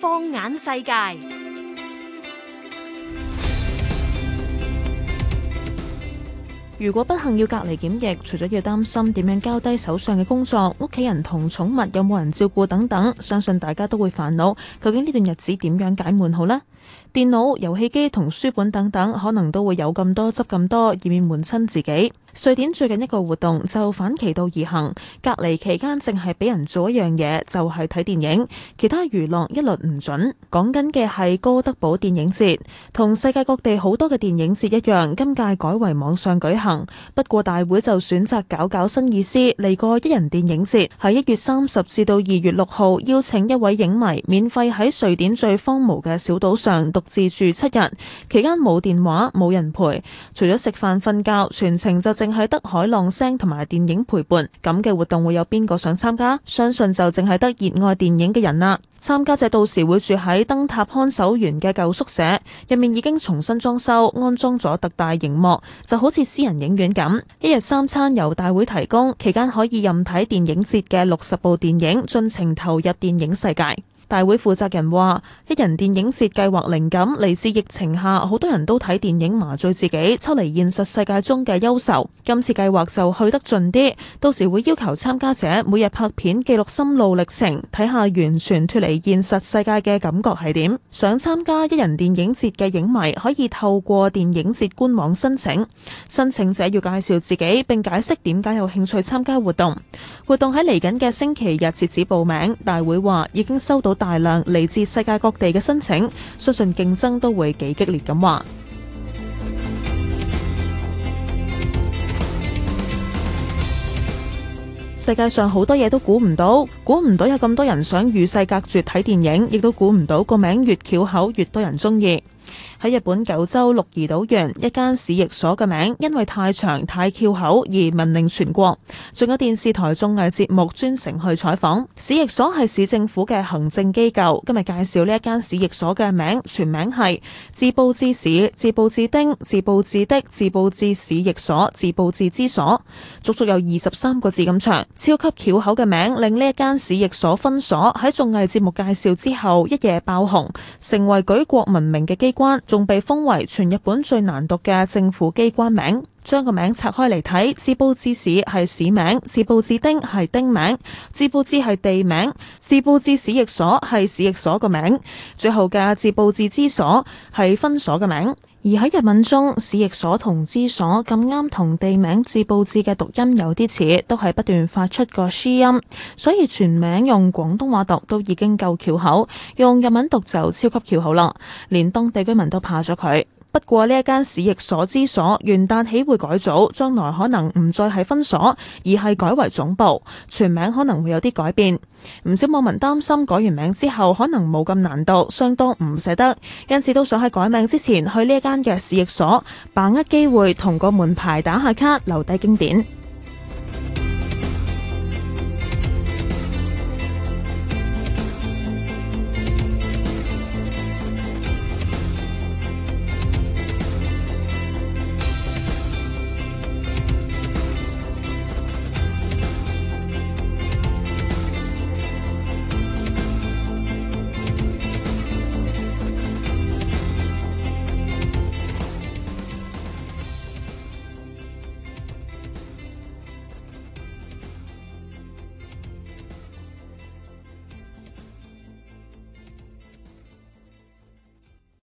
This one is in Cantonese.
放眼世界，如果不幸要隔離檢疫，除咗要擔心點樣交低手上嘅工作，屋企人同寵物有冇人照顧等等，相信大家都會煩惱。究竟呢段日子點樣解悶好呢？電腦、遊戲機同書本等等，可能都會有咁多執咁多，以免悶親自己。瑞典最近一個活動就反其道而行，隔離期間淨係俾人做一樣嘢，就係睇電影，其他娛樂一律唔准。講緊嘅係哥德堡電影節，同世界各地好多嘅電影節一樣，今屆改為網上舉行。不過大會就選擇搞搞新意思，嚟個一人電影節，喺一月三十至到二月六號，邀請一位影迷免費喺瑞典最荒蕪嘅小島上。獨自住七日，期間冇電話，冇人陪，除咗食飯、瞓覺，全程就淨係得海浪聲同埋電影陪伴。咁嘅活動會有邊個想參加？相信就淨係得熱愛電影嘅人啦。參加者到時會住喺燈塔看守員嘅舊宿舍，入面已經重新裝修，安裝咗特大熒幕，就好似私人影院咁。一日三餐由大會提供，期間可以任睇電影節嘅六十部電影，盡情投入電影世界。大會負責人話：一人電影節計劃靈感嚟自疫情下，好多人都睇電影麻醉自己，抽離現實世界中嘅憂愁。今次計劃就去得盡啲，到時會要求參加者每日拍片記錄心路歷程，睇下完全脫離現實世界嘅感覺係點。想參加一人電影節嘅影迷可以透過電影節官網申請。申請者要介紹自己，並解釋點解有興趣參加活動。活動喺嚟緊嘅星期日截止報名。大會話已經收到。大量嚟自世界各地嘅申請，相信競爭都會幾激烈咁話。世界上好多嘢都估唔到，估唔到有咁多人想與世隔絕睇電影，亦都估唔到個名越拗口越多人中意。喺日本九州鹿兒島縣一間市役所嘅名，因為太長太翹口而聞名全國，仲有電視台綜藝節目專程去採訪。市役所係市政府嘅行政機構。今日介紹呢一間市役所嘅名，全名係志布志市、志布志町、志布志嘅、志布志市役所、志布志支所，足足有二十三個字咁長，超級翹口嘅名，令呢一間市役所分所喺綜藝節目介紹之後一夜爆紅，成為舉國聞名嘅機關仲被封為全日本最難讀嘅政府機關名，將個名拆開嚟睇，自部自市係市名，自部自町係町名，自部自係地名，自部自市役所係市役所個名，最後嘅自部自支所係分所嘅名。而喺日文中，市役所同支所咁啱同地名志布志嘅讀音有啲似，都係不斷發出個書音，所以全名用廣東話讀都已經夠繞口，用日文讀就超級繞口啦，連當地居民都怕咗佢。不過呢一間市役所之所，元旦起會改組，將來可能唔再係分所，而係改為總部，全名可能會有啲改變。唔少網民擔心改完名之後可能冇咁難度，相當唔捨得，因此都想喺改名之前去呢一間嘅市役所，把握機會同個門牌打下卡，留低經典。